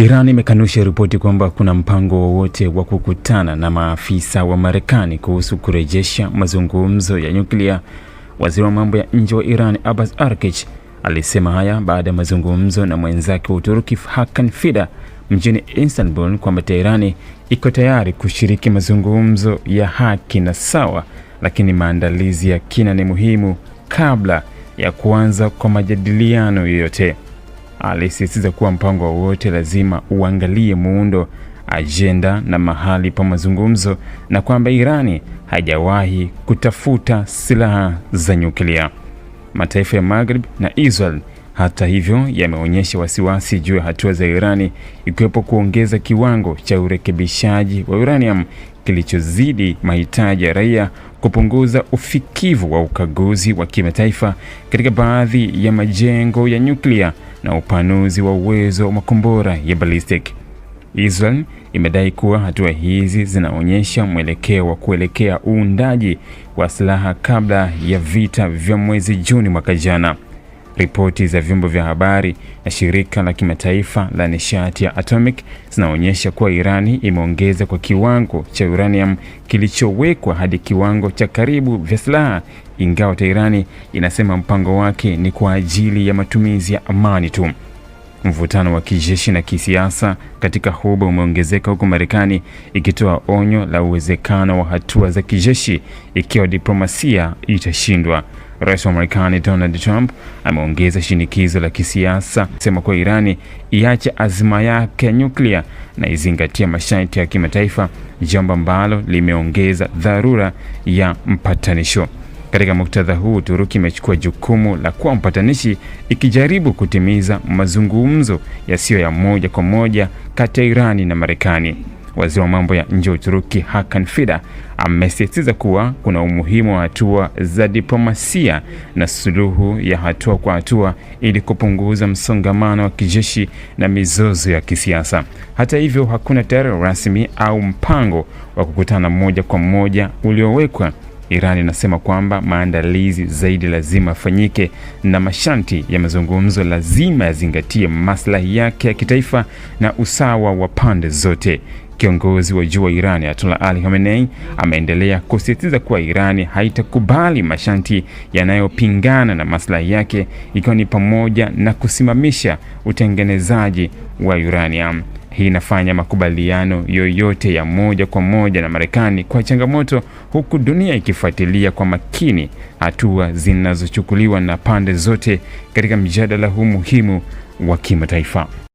Iran imekanusha ripoti kwamba kuna mpango wowote wa kukutana na maafisa wa Marekani kuhusu kurejesha mazungumzo ya nyuklia. Waziri wa mambo ya nje wa Iran, Abbas Arkech alisema haya baada ya mazungumzo na mwenzake wa Uturuki, Hakan Fidan, mjini Istanbul kwamba Teherani iko tayari kushiriki mazungumzo ya haki na sawa, lakini maandalizi ya kina ni muhimu kabla ya kuanza kwa majadiliano yoyote alisisitiza kuwa mpango wowote lazima uangalie muundo, ajenda na mahali pa mazungumzo na kwamba Irani hajawahi kutafuta silaha za nyuklia. Mataifa ya Maghrib na Israel hata hivyo yameonyesha wasiwasi juu ya hatua za Irani ikiwepo kuongeza kiwango cha urekebishaji wa uranium kilichozidi mahitaji ya raia, kupunguza ufikivu wa ukaguzi wa kimataifa katika baadhi ya majengo ya nyuklia na upanuzi wa uwezo wa makombora ya ballistic. Israel imedai kuwa hatua hizi zinaonyesha mwelekeo wa kuelekea uundaji wa silaha kabla ya vita vya mwezi Juni mwaka jana. Ripoti za vyombo vya habari na shirika la kimataifa la nishati ya atomic zinaonyesha kuwa Irani imeongeza kwa kiwango cha uranium kilichowekwa hadi kiwango cha karibu vya silaha, ingawa Teherani inasema mpango wake ni kwa ajili ya matumizi ya amani tu. Mvutano wa kijeshi na kisiasa katika huba umeongezeka huku Marekani ikitoa onyo la uwezekano wa hatua za kijeshi ikiwa diplomasia itashindwa. Rais wa Marekani Donald Trump ameongeza shinikizo la kisiasa, sema kuwa Irani iache azma yake ya nyuklia na izingatia masharti ya kimataifa, jambo ambalo limeongeza dharura ya mpatanisho. Katika muktadha huu, Uturuki imechukua jukumu la kuwa mpatanishi, ikijaribu kutimiza mazungumzo yasiyo ya moja kwa moja kati ya Irani na Marekani. Waziri wa mambo ya nje wa Uturuki Hakan fida amesisitiza kuwa kuna umuhimu wa hatua za diplomasia na suluhu ya hatua kwa hatua ili kupunguza msongamano wa kijeshi na mizozo ya kisiasa. Hata hivyo, hakuna tarehe rasmi au mpango wa kukutana moja kwa moja uliowekwa. Iran inasema kwamba maandalizi zaidi lazima yafanyike na masharti ya mazungumzo lazima yazingatie maslahi yake ya kitaifa na usawa wa pande zote. Kiongozi wa juu wa Irani Ayatollah Ali Khamenei ameendelea kusisitiza kuwa Irani haitakubali masharti yanayopingana na maslahi yake, ikiwa ni pamoja na kusimamisha utengenezaji wa uranium. Hii inafanya makubaliano yoyote ya moja kwa moja na Marekani kwa changamoto, huku dunia ikifuatilia kwa makini hatua zinazochukuliwa na pande zote katika mjadala huu muhimu wa kimataifa.